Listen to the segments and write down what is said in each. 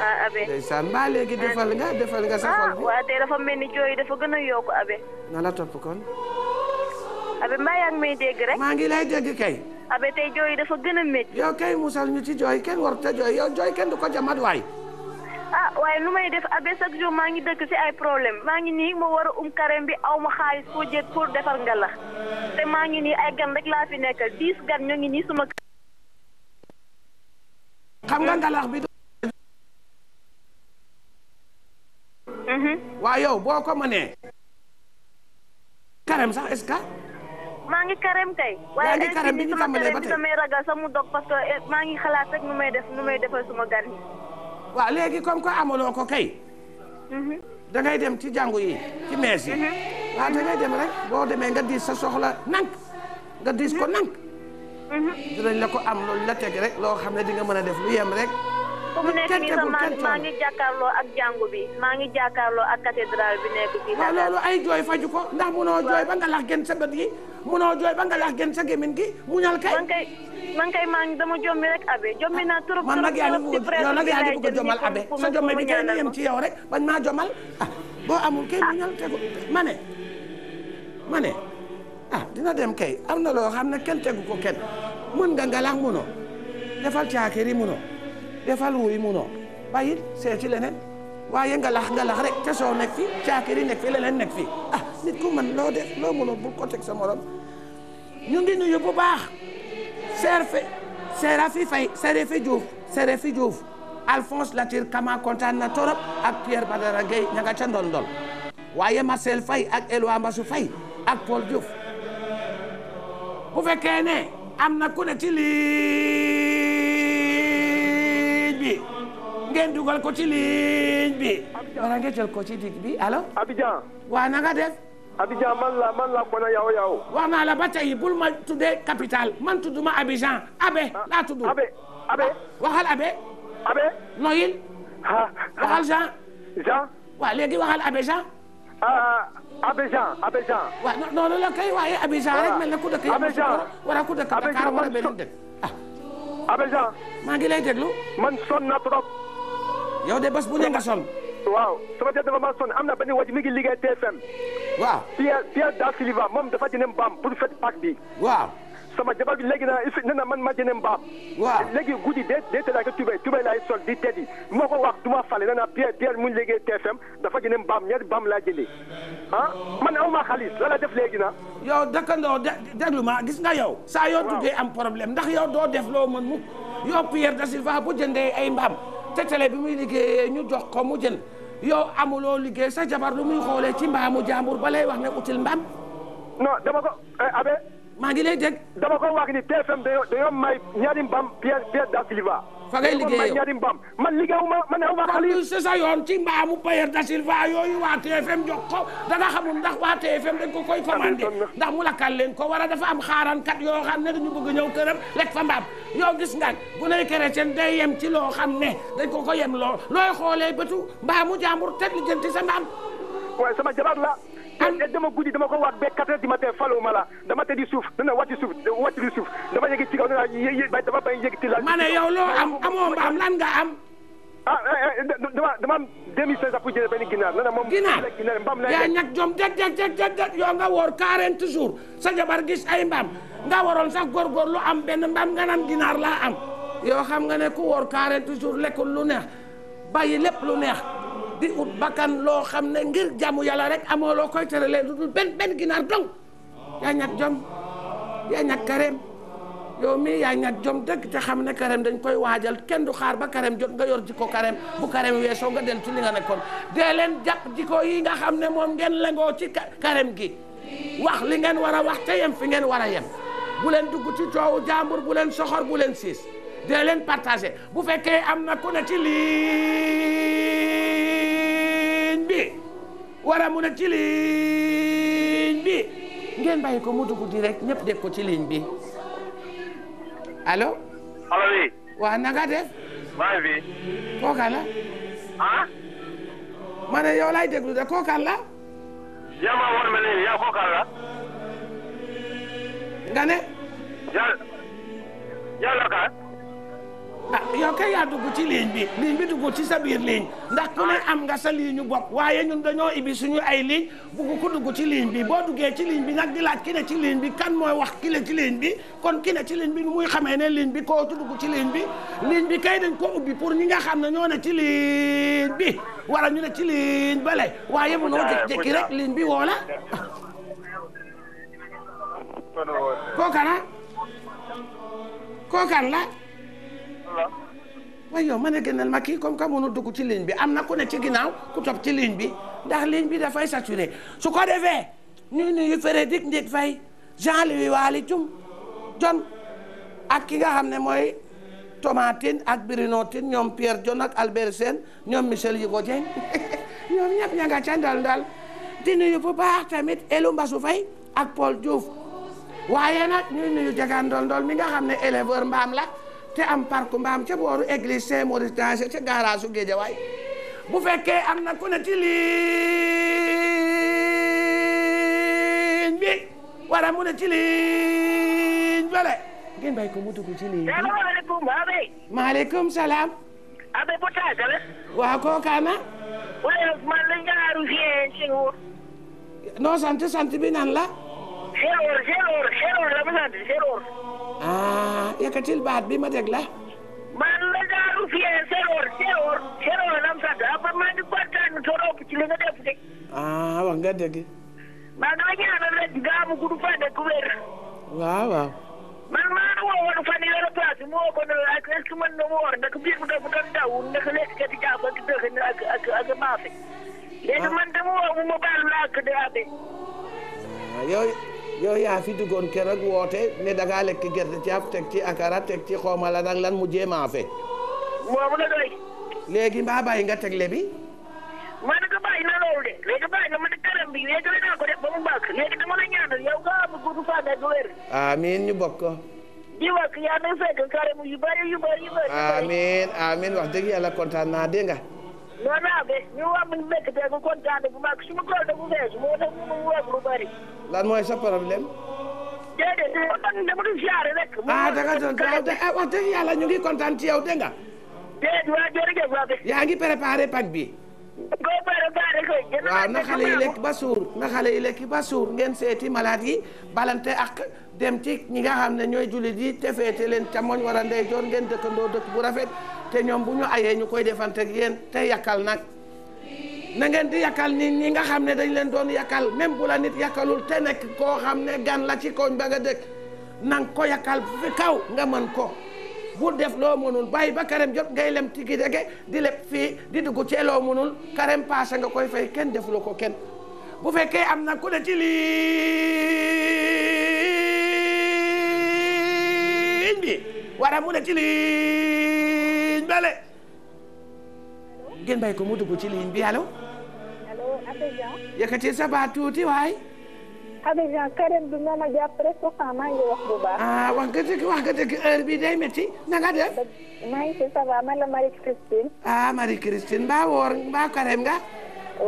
waaw ah, abe ndeysaan mbaa léegi defal nga defal nga sa xol bi ah, waaw tey dafa mel ni jooy dafa gën a yokk abe na la topp kon abe mbaa yaa ngi may dégg rek maa ngi lay dégg kay abe tey jooy dafa gën a métti yow kay musal ñu ci jooy kenn warut a jooy yow jooy kenn du ko jamat waay ah waaye nu may def abe chaque jour maa ngi dëkk ci ay problème maa ngi nii ma war a um carême bi aw ma xaalis pour jët pour defar nga la te maa ngi nii ay gan rek laa fi nekkal ngi nii suma Mm-hmm. waa yow boo ko mënee. carême sax est-ce maa ngi carême kay. yaa ngi carême bi ñu tàmbalee ba tey waaye damay ragal sax mu dog parce eh, maa ngi xalaat rek nu may def nu may defal suma gan yi. waaw léegi comme que amaloo ko kay. Mm-hmm. da ngay dem ci jàngu yi ci mees yi. Mm-hmm. waaw da dem rek boo demee nga diis sa soxla nank nga diis ko nank. dinañ la ko am loolu la teg rek loo xam ne di nga mën a def lu yem rek. fu mu nekk nii sax maa ngi jàkkaarloo ak jàngu bi maa ngi jàkkaarloo ak cathédrale bi nekk fii. waaw loolu ay jooy faju ko ndax munoo jooy ba nga lax gën sa bët yi munoo jooy ba nga lax gën sa gémmiñ gi muñal kay. man kay kay maa ngi dama jommi rek abe jommi naa trop. trop trop ci presse bi laay jël nii pour pour mu ñaanal ko man a jomal abe sa jommi bi kay yem ci yow rek bañ maa jomal ah boo amul kay ah. muñal tegu ma ne ma ne ah dina dem kay am na loo xam ne kenn tegu ko kenn mën nga ngalax munoo defal caakiri defal wuy munoo bàyyil seeti leneen waaye nga ngalax nga rek te soo nekk fi caakiri nekk fi leneen nekk fi ah nit ku man loo de loo mënul bul ko teg sa morom ñu ngi nuyu bu baax seer fe seera fi fay seere fi Diouf seere fi Diouf Alphonse Latir Kama kontaan na torop ak Pierre Badara Gueye ña nga ca ndondol waaye Marcel fay ak Eloi Mbassou Faye ak Paul Diouf bu fekkee ne am na ne ci bi ngeen dugal ko ci ligne bi. wala ngeen jël ko ci digg bi alo Abidjan. waa na nga def. Abidjan man la man la Kona yaw yaw. wax naa la ba tey bul ma tuddee capital man tudduma Abidjan abe ah, laa tudd. abe abe. Ah, waxal abe. abe. noyil. ah waxal Jean. Jean. waaw waxal abe Jean. ah, ah Abidjan Abidjan. waaw la kay waaye Abidjan rek mel na ku dëkk yow. Abidjan war a ku dëkk Dakar war a benn dëkk ah. Abidjan. maa ngi lay déglu. man sonn na trop. yow de bas bu ne nga sonn. waaw sama jël dafa maa sonn am na benn wàcc mi ngi liggéey TFM. waaw Pierre Pierre Da Silva moom dafa jënd mbaam pour fête Pâques bi. waaw. sama jabar bi léegi na nee na man ma jënd mbaam. waaw léegi guddi day day tëdd ak tubéy tubéy laay sol di teddi bu ma ko wax du ma fale nee na Pierre Pierre mu liggéey TFM dafa jënd mbaam ñaari mbaam laa jëlee ah man aw ma la la def léegi na yow dëkkandoo de déglu ma gis nga yow. saa yoo tuddee am problème ndax yow doo def loo mën mu yow Pierre da Silva bu jënde ay mbaam te télé bi muy liggéeyee ñu jox ko mu jënd yow amuloo liggéey sa jabar lu muy xoolee ci mbaamu jàmbur ba lay wax ne util mbaam. non dama ko eh, abe. maa ngi lay dégg. dama ko wax ni TFM dañoo may ñaari mbam Pierre Pierre da Silva. fa ngay liggéeyoo may ñaari mbam man liggéeyuma man aw ma xaalis. c'est ça yoon ci mbaamu Pierre da Silva yooyu waa TFM jox ko da nga xamul ndax waa TFM dañ ko koy commandé ndax mu lakkal leen ko war a dafa am xaarankat yoo xam ne dañu bëgg a ñëw këram lekk fa mbaam yoo gis nga bu kere chrétien day yem ci loo xam ne dañ koo ko yem loo looy xoolee bëtu mbaamu jàmbur teg lijjanti sa mbaam. waaye sama jabar la. te eh, dama guddi dama ko waat ba quatre heures du matin falu ma la dama tëddi suuf dana wàcc suuf wàcc suuf dama yëg ci kaw dana dama bay yëg ci laal. ma ne yow loo am amoo mbaam lan nga am. ah eh, eh, dama dama am deux mille cinq cent pour jëlee benn ginaar nee na moom. ginaar mbaam lay yaa ñàkk jom det det det det det yow nga woor quarante jours sa jabar gis ay mbaam nga waroon sax góorgóorlu am benn mbaam nga naan ginaar laa am yow xam nga ne ku woor quarante jours lekkul lu neex bàyyi lépp lu neex. di ut bakkan loo xam ne ngir jaamu yàlla rek amoo loo koy tëralee lu dul benn ben ginaar dong yaa ñàkk jom yaa ñàkk kareem yow mii yaa ñàkk jom dëgg te xam ne kareem dañ koy waajal kenn du xaar ba kareem jot nga yor jikko kareem bu kareem weesoo nga dellu ci li nekkoon leen jàpp jikko yi nga xam ne moom ngeen lengoo ci kareem gi wax li ngeen war a wax te yem fi ngeen war a yem bu leen dugg ci coowu jàmbur bu leen soxor bu leen siis dee leen partagé bu fekkee am na ku ne ci lii bi war a mun a ci ligne bi ngeen bàyyi ko mu dugg direct ñëpp dégg ko ci ligne bi allo. allo oui. waaw na nga ah. ma ne yow laay déglu de kooka la. yaa ma woon yaa kooka la. nga ne. yàlla yàlla kan. ah yow kay yaa dugg ci ligne bi ligne bi dugg ci sa biir ligne ndax ku ne am nga sa ligne ñu bopp waaye ñun dañoo ibi suñu ay ligne bugg ko dugg ci ligne bi boo duggee ci ligne bi nag di laaj ki ne ci ligne bi kan mooy wax ki ne ci ligne bi kon ki ne ci ligne bi nu muy xamee ne ligne bi koo dugg ci ligne bi ligne bi kay dañ koo ubbi pour ñi nga xam ne ñoo ne ci ligne bi wala ñu ne ci ligne bale waaye mënoo jékki-jékki rek ligne bi woo la kookan la kookan la waaye yow ma ne gënal ma kii comme que mënu dugg ci ligne bi am na ku ne ci ginnaaw ku topp ci ligne bi ndax ligne bi dafay saturé su ko defee ñu nuyu Frédéric Ndiède Faye Jean Louis Waly Dioum John ak ki nga xam ne mooy Thomas ak Bruno Tine ñoom Pierre John ak Albert Sène ñoom Michel Yigo Dieng ñoom ñëpp ña nga ca ndal ndal di nuyu bu baax tamit Elou Mbassou Faye ak Paul Diouf waaye nag ñu nuyu Jagaan Ndol Ndol mi nga xam ne éleveur mbaam la te am parc mbaam ca booru église Saint-Maurice danger ca garage su Géejawaay bu fekkee am na ku ne ci ligne bi wala mu ne ci ligne bële ngeen bàyyi ko mu dugg ci ligne bi. salaamaaleykum salaam. Abe bu taata la. waaw kooka nan la. Senghor Senghor Senghor la ma sant Senghor. ah yëkkatil baat bi ma dégg la. man la daaru fiyee seroor seroor seroor lam sant ba maa ngi kontaan torop ci def de. ah wax nga dëgg. maa ngi la ñaanal rek nga am gudd fan ak man maa woowoon fan yii yore place la est-ce que mën ak dëxën ak ah. man dama woo mu ma la ak de abe. Ah, yow. yow yaa fi duggoon keroog woote ne da ngaa lekk gerte teg ci akara teg ci xoomala nag lan mu jéem a fe. boobu la doy. léegi mbaa bàyyi nga tegle bi. ma ne ko bàyyi na loolu de léegi bàyyi na ma ne karam bi léegi la naa ko def ba mu bàkk léegi dama la ñaanal yow nga am gudd fan ak wér. amiin ñu bokk. di wax yaa ngi fekk karam yu bari yu bari yu bari. amiin amiin wax dëgg yàlla kontaan naa dégg nga. Normal ñu wax bu kontaan bu ma lan mooy sa problème. déedéet man dama doon siyaare rek. ah da nga doon ah wax kontaan ci yow dégg nga. déedéet waa jërëjëf waa. bi. waa na xale yi lekk ba suur na xale yi lekk ba suur ngeen seeti malaat yi balante ak dem ci ñi nga xam ne ñooy jullit yi te feete leen camoñ war a ndeyjoor ngeen dëkkandoo dëkk bu rafet te ñoom bu ñu ayee ñu koy defante ak yéen te yàkkal nag na ngeen di yàkkal nit ñi nga xam ne dañ leen doon yàkkal même bu la nit yàkkalul te nekk koo xam ne gan la ci koñ ba nga dëkk nang ko yàkkal fi kaw nga mën ko bul def loo mënul bàyyi ba carême jot ngay lem tigi dege di leb fi di dugg ci loo mënul carême passé nga koy fay kenn defuloo ko kenn bu fekkee am na ku ne ci ligne bi wara mu ne ci ligne bale ngeen bàyyi ko mu dugg ci ligne bi allo allo yëkkati sa baat tuuti waay Abidjan Karim bi moo ma jàpp rek pourtant maa ngi wax bu baax. ah wax ga dëgg wax nga dëgg heure bi day métti na def. maa ngi ci ça va man la Marie Christine. ah Marie Christine mbaa woor mbaa Karim nga.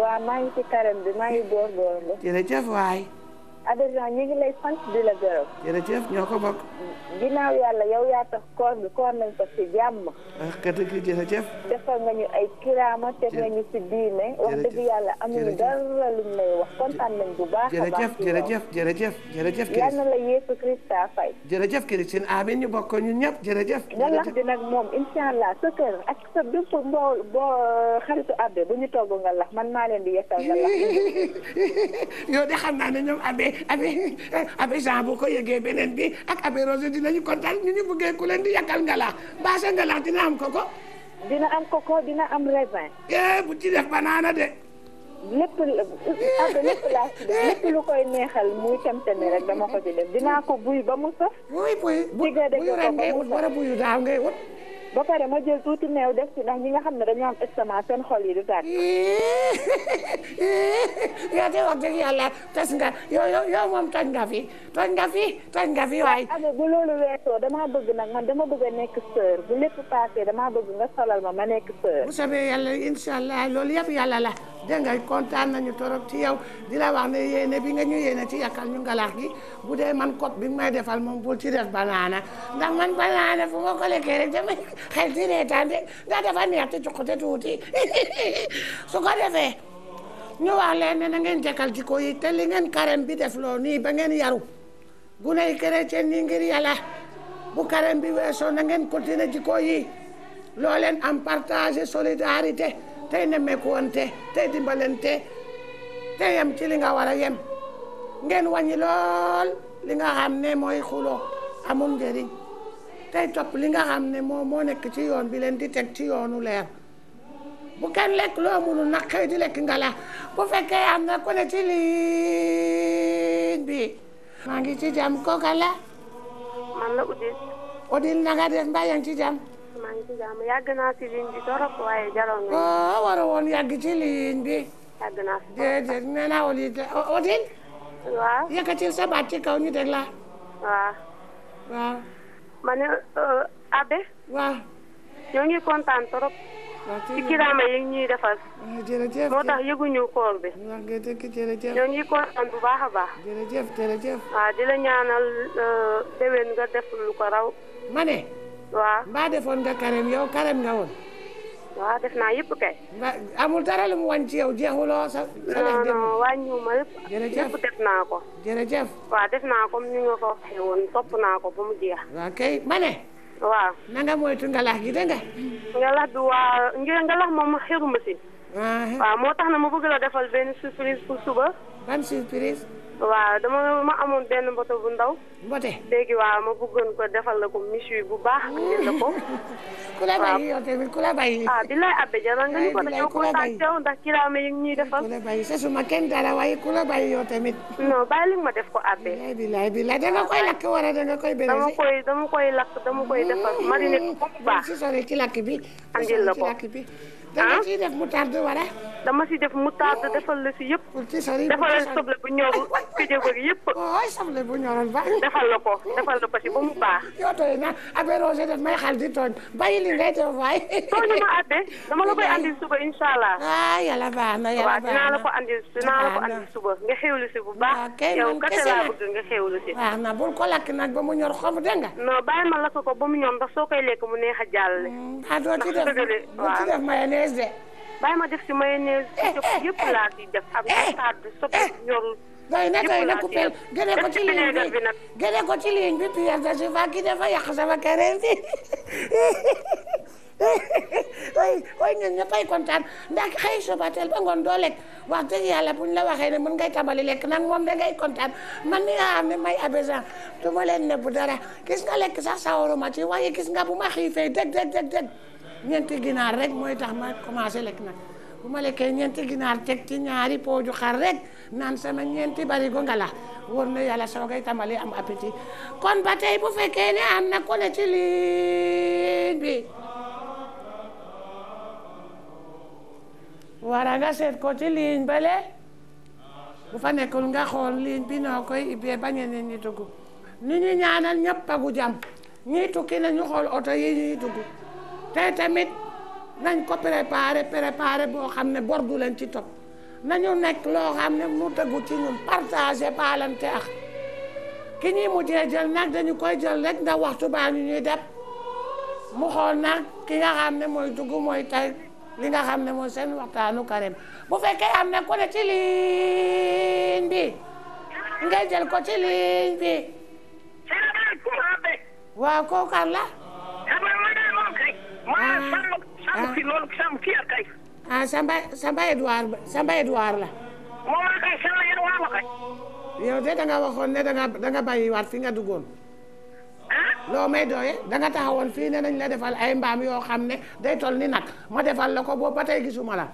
waaw maa ngi ci Karim bi maa ngi góorgóorlu. jërëjëf waay. adhésion ñu ngi lay sant di la gërëm. jërëjëf ñoo ko bokk. ginnaaw yàlla yow yaa tax koor bi koor nañ ko ci jàmm. ah kat ak jërëjëf. defal nga ñu ay kiraama teg nga ñu ci diine. wax dëgg yàlla amuñu dara luñ lay wax kontaan nañ bu baax. a baax jërëjëf jërëjëf jërëjëf. yal na la Yeesu Krista fay. jërëjëf Christine amiin ñu bokk ñun ñëpp jërëjëf. jërëjëf di nag moom incha allah sa kër ak sa bépp mboo boo xaritu abbe bu ñu togg nga lax man maa leen di yeesal nga lax. yow de xam naa ne ñoom abbe abi abi Jean bu ko yëgee ak abi Rose dinañu kontaan ñu ñu bëggee ku leen di yàkkal ngalax baasa ngalax dina am koko dina am koko dina am raisin eh bu ci banaana de lépp lépp laa ci def lépp lu koy neexal muy rek dama ko ci def buy ba mu saf buy buy buy ren ngay wut wara buyu daaw ngay wut ba pare ma jël tuuti meew def ci ndax ñi nga xam ne dañoo am estomac seen xol yi du tàgg. yow de wax dëgg yàlla tas nga yow yow yow moom toj nga fi toj nga fi toj nga fi waay. waaw ah, bu loolu weesoo damaa bëgg nag man dama bëgg a nekk sœur bu lépp passé damaa bëgg nga solal ma ma nekk sœur. bu soobee yàlla incha loolu yëpp yàlla la. dégg nga kontaan nañu torop ci yow di la wax ne yéene bi nga ñu yéene ci yàkkal ñu ngalax gi bu man code bi may defal moom bul ci def banaana ndax man banaana fu ma ko lekkee rek damay xel ci reetaan de ndax dafa neex te cuqute tuuti su ko defee ñu wax leen ne na ngeen jekkal jikko yi te li ngeen carême bi def loo nii ba ngeen yaru guney chrétien yi ngir yàlla bu carême bi weesoo na ngeen continuer jikko yi loo leen am partage solidarité tey nemmeekuwante tey dimbalante tey yem ci li nga war a yem ngeen wàññi lool li nga xam ne mooy xuloo amul njëriñ tey topp li nga xam ne moo moo nekk ci yoon bi leen di teg ci yoonu leer bu kenn lekk loo mënul nag xëy di lekk ngala bu fekkee am na ku ne ci ligne bi maa ngi ci jàmm kooka la man la Odile Odile na def mbaa yaa ci jàmm ngi ci jàmm yàgg naa si ligne bi torop waaye jaloon na. oh ah, war a woon yàgg ci ligne bi. yàgg naa ci déedéet nee naa woon it Odile. waaw yëkkatil sa baat ci kaw ñu dégg la. waaw. waaw. Euh, Abe. waaw. ñoo ngi kontaan torop. ci kiraama yi ñuy defal. Ah, jërëjëf moo tax yëguñu koor bi. wax nga dëgg ñoo ngi kontaan bu baax a baax. jërëjëf jërëjëf. waaw di la ñaanal euh, déwén nga def lu ko raw. ma waaw mbaa defoon nga carême yow carême nga woon. waaw def naa yëpp kay. amul dara lu mu wàññi ci yow jeexuloo sa. sa non non wàññiwuma yëpp. jërëjëf yëpp def naa ko. jërëjëf. waaw def naa ko ni nga ko waxee topp naa ko ba mu jeex. waaw kay ma ne. waaw na nga moytu ngalax gi dégg nga. ngalax bi waa ngelax moom xiruma si. Uh-huh. waaw moo tax na ma bëgg la defal benn surprise ku suba. ban surprise. waaw dama ma amoon benn mbote bu ndaw. mbote léegi waaw ma bëggoon ko defal la ko monsieur bu baax. jënd ko. ku la bàyyi yow tamit ku la bàyyi. ah bi lay abbe jaral nga ñu ko dañoo kontaan yow ndax kiraame yi ñuy defal. ku la bàyyi sa suma kenn dara waaye ku la bàyyi yow tamit. non bàyyi li ma def ko abbe. bilaay bilaay da nga koy lakk wala da nga koy benn. dama koy dama koy lakk dama koy defal marine bu baax. si sori ci lakk bi. andil la ko ci da nga ciy def moutarde wala. dama si def moutarde defal la si yëpp. ci sori defal la soble bu ñor këjëg yëpp. defal la ko defal la ko si ba mu baax. yoo tooy na affaire rosée daf may xal di tooñ bàyyi li ngay def waay. tooñu ma adde dama la koy andil ah, la ko andil suba nga xéwlu si bu baax. yow kese laa bëgg nga xéwlu si. waaw na bul ko lakk nag ba mu ñor xobu dégg nga. non bàyyi ma lakk ko ba mu ñor ndax soo koy lekk mu neex a jàllale. Hmm, ah doo ci def ci def mayonnaise mayonnaise de. bàyyi ma def si mayonnaise. Eh, eh, yëpp laa di def ak moutarde eh, sopp ñorul. doy na doy na ku mel gëne ko ci ligne bi gëne ko ci ligne bi Pierre de Silva ki dafa yàq sama kere kontaan ndax xëy subatel ba ngoon doo lekk wax dëgg yàlla buñ la waxee ne mën ngay tàmbali lekk nag moom da ngay kontaan man mi a xam ne may abésan du ma leen ne bu dara gis nga lekk sax ma ci waaye gis nga bu ma xiifee dëgg dëgg dëgg dëgg ñeenti ginaar rek mooy tax ma commencé lekk nag bu ma lekkee ñeenti ginaar teg ci ñaari pooju xar rek naan sama ñeenti barigo ngala wóor na yàlla soogay tàmbali am appétit kon ba tey bu fekkee ne am na ko ne ci ligne bi wara nga seet ko ci ligne ba le bu fa nekkul nga xool ligne bi noo koy ibbee ba nit ñi dugg ni ñu ñaanal ñëpp pagu jàmm ñii tukki nañu xool oto yi ñuy te tamit nañ ko préparé préparé boo xam ne borguleen ci topp nañu nekk loo xam ne mu tegu ci ñun partagé baalante ak ki ñuy mujjee jël nag dañu koy jël rek ndax waxtu ba ñu ñuy def mu xool nag ki nga xam ne mooy dugg mooy tey li nga xam ne mooy seen waxtaanu Karim bu fekkee am na ku ne ci ligne bi nga jël ko ci ligne bi. waaw kooku kan la. Ah, ah. ah Samba Samba kii loolu Samba kii ak kay. ah Samba Samba la. moom de da nga waxoon ne da nga da fi nga duggoon. Ah? loo may doye da taxawoon fii ne nañ la defal ay mbaam yoo xam ne day tol ni nag ma defal la ko boobu ba gisuma la.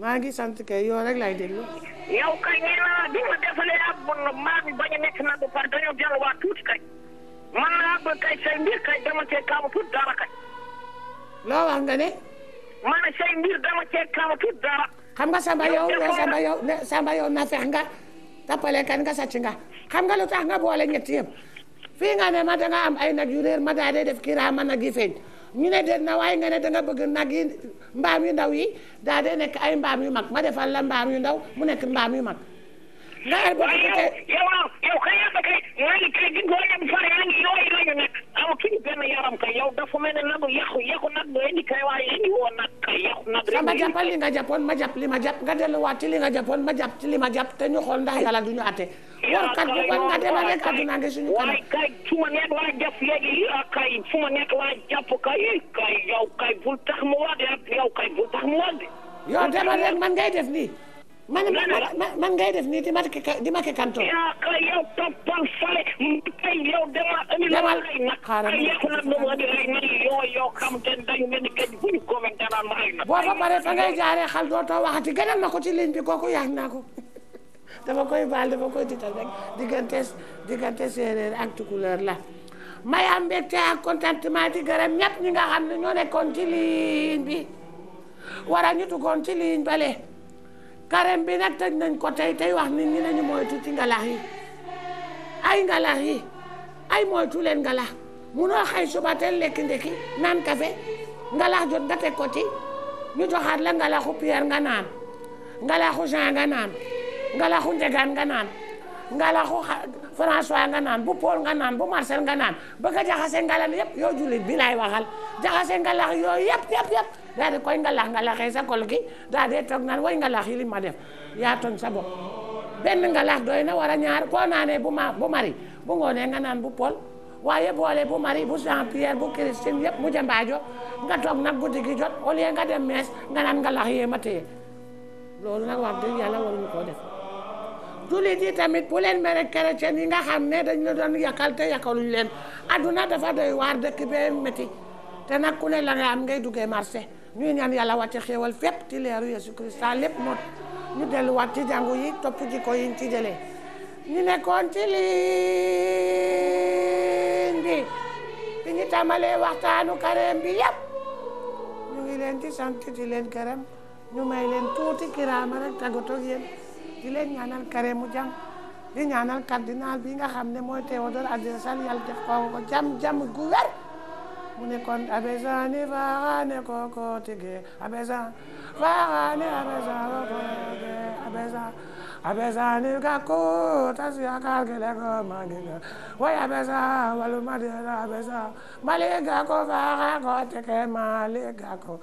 waaye sant kay yow rek lay déglu. yow kay nee naa bi ma defalee ab maam ba ñu nekk nag bu pare tuuti kay man naa ba kay say mbir kay dama cee kaamu tuut dara kay. loo wax nga ne. ma ne say mbir dama cee kaamu tuut dara. xam nga Samba yow ne Samba yow ne Samba yow na fex nga tappale kan nga sàcc nga xam nga lu tax nga boole ñetti yëpp fii nga ne ma danga am ay nag yu réer ma daa def kii raa ma nag ñu ne déet na waaye nga ne da nga bëgg nag yi mbaam yu ndaw yi daa dee nekk ay mbaam yu mag ma defal la mbaam yu ndaw mu nekk mbaam yu mag Laal boo ko tey yow yow ka yàlla kay maa ngi kay di góor bu far yaa ngi ah, yooyu lañu nag amatuñu benn yaram kay yow dafa mel ne nagu yàqu yàqu nag nga indi kay waaye indi woo nag kay yàqu nag. rek ma jàppal li nga jàppoon ma jàpp li ma jàpp nga delluwaat ci li nga jàppoon ma jàpp ci li ma jàpp te ñu xool ndax yàlla du ñu àtte. war kat bu bon nga demal rek àdduna ngi suñu kanam. waaye kay fu ma nekk laa jàpp léegi kay fu ma nekk laa jàpp kay kay yow kay bul tax mu wax yow kay bul tax mu wax de. yow demal rek man ngay def nii man ngay def nii di ma di ma ke kanto. yaa ka ba dara ma ay nag. boo ko paree fa ngay jaaree xal dootoo waxati gënal na ko ci ligne bi kooku yaag naa ko dama koy baal dama koy tiital rek diggante diggante séeréer ak la. may am mbégte ak contentement di gërëm ñëpp ñi nga xam ne ñoo nekkoon ci ligne bi war a ñu duggoon ci ligne bale. carême bi nag tëj nañ ko tey tey wax nit ñi nañu moytu ci ngalax yi ay ngalax yi ay moytu leen ngalax munoo xëy suba teel lekki ndekki naan kafe ngalax jot nga teg ko ci ñu joxaat la ngalaxu Pierre nga naan ngalaxu Jean nga naan ngalaxu Njegaan nga naan ngalaxu François nga naan bu Paul nga naan bu Marcel nga naan bëgg a jaxase ngalan yëpp yoo jullit bi laay waxal jaxase ngalax yooyu yëpp yëpp yëpp koy ngalax ngalaxee sa kol gi daal di toog naan way ngalax yi li ma def yaa tooñ sa bopp nga ngalax doy na war a ñaar koo naanee bu ma bu mari bu ngoonee nga naan bu Paul waaye boole bu Marie bu Jean Pierre bu Christine yëpp mu jambaajo nga toog nag guddi gi jot au lieu nga dem mees nga naan nga lax yee ma téye loolu nag wax dëgg yàlla waruñu koo def jullit yi tamit bu leen mere chrétien yi nga xam ne dañ la doon yàqal te yàqaluñ leen adduna dafa doy waar dëkk bee métti te nag ku ne la nga ngay duggee marché ñuy ñaan yàlla wàcce xéewal fépp ci leeru Yeesu Krista lépp mot ñu delluwaat ci jàngu yi topp jikko yiñ ci jëlee ñu nekkoon ci ligne bi bi ñu tàmbalee waxtaanu kareem bi yëpp ñu ngi leen di sant di leen gërëm ñu may leen tuuti kiraama rek tàggatoo ak yéen di leen ñaanal Karim jàmm di ñaanal cardinal bi nga xam ne mooy Théodore Adrien yàlla def ko jàmm jàmm gu wér mu ne kon abésan ni faaxaane kooko tege abésan faaxaane abésan kooko tege abésan abésan ni gàkku tas yaakaar gi lekk maa ngi ga way abésan walu ma dee abésan mali gàkku faaxaan ko tege mali gàkku